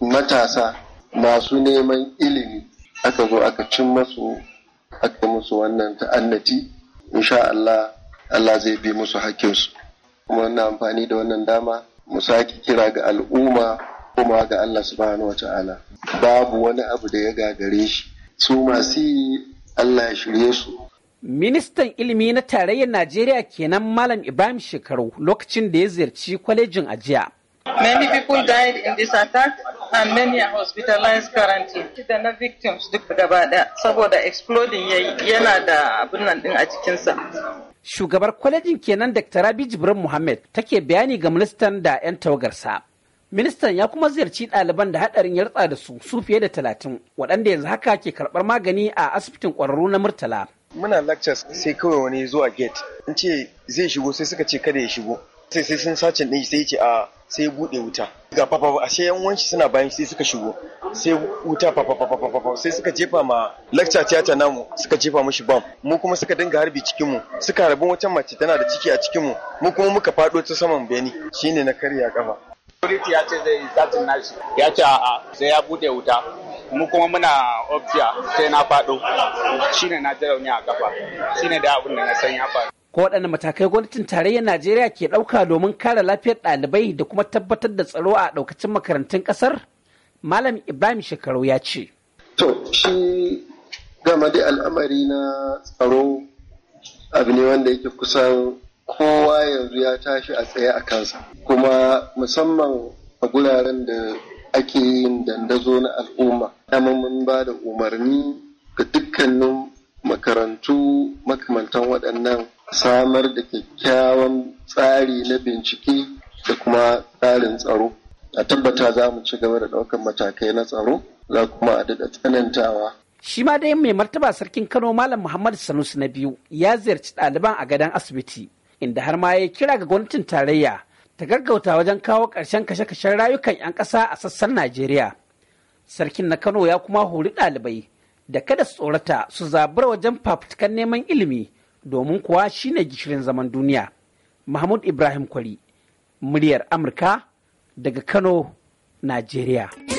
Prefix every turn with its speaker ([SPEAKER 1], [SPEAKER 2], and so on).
[SPEAKER 1] matasa masu neman ilimi aka zo aka cin masu aka musu wannan ta'annati sha Allah Allah zai bi musu hakinsu kuma na amfani da wannan dama mu sake kira ga al'umma kuma ga Allah subhanahu wa ta'ala babu wani abu da ya gagare shi su masu yi Allah
[SPEAKER 2] ya shirye su Ministan ilimi na tarayyar Najeriya kenan Malam Ibrahim Shekaru lokacin da ya ziyarci kwalejin a jiya. Many people died in this attack
[SPEAKER 1] and many are hospitalized currently. Da na victims duk gaba daya saboda exploding yana da abin nan din a cikinsa.
[SPEAKER 2] Shugabar kwalejin kenan Dr. Rabi Jibrin Muhammad take bayani ga ministan da 'yan tawagarsa. Ministan ya kuma ziyarci ɗaliban da haɗarin ya da su su fiye da talatin waɗanda yanzu haka ke karɓar magani a asibitin ƙwararru na Murtala.
[SPEAKER 3] Muna lectures sai kawai wani zuwa gate in ce zai shigo sai suka ce kada ya shigo sai sai sun sace ɗin sai ce a ah, sai bude wuta ga fafafa ashe yan wanshi suna bayan sai suka shigo sai wuta papa sai suka jefa ma lecture theater namu suka jefa mushi bam mu kuma suka dinga harbi cikin mu suka rabu wata mace tana da ciki a cikin mu mu kuma muka fado ta saman beni shine na karya kafa
[SPEAKER 2] security ya ce zai zata nashi ya ce a'a sai ya bude wuta mu kuma muna objiya sai na fado shine na jarauni a kafa shine da abin da na san ya faru ko waɗanne matakai gwamnatin tarayyar najeriya ke ɗauka domin kare lafiyar ɗalibai da kuma tabbatar da tsaro a ɗaukacin makarantun ƙasar malam ibrahim shekaru ya ce
[SPEAKER 1] to shi gama dai al'amari na tsaro abu ne wanda yake kusan kowa yanzu ya tashi a tsaye a kansa kuma musamman a guraren da ake yin dandazo na al'umma dama mun ba da umarni ga dukkanin makarantu makamantan waɗannan samar da kyakkyawan tsari na bincike da kuma tsarin tsaro a tabbata za mu ci gaba da ɗaukar matakai na tsaro za kuma a daɗa tsanantawa
[SPEAKER 2] shi ma dai mai martaba sarkin kano malam muhammad sanusi na biyu ya ziyarci ɗaliban a gadon asibiti inda har ma ya kira ga gwamnatin tarayya ta gaggauta wajen kawo ƙarshen kashe-kashen rayukan 'yan ƙasa a sassan najeriya sarkin na kano ya kuma hori ɗalibai da kada su tsorata su zabura wajen fafutukan neman ilimi domin kuwa shine gishirin zaman duniya. Mahmud Ibrahim Kwari, muryar Amurka daga Kano, Najeriya.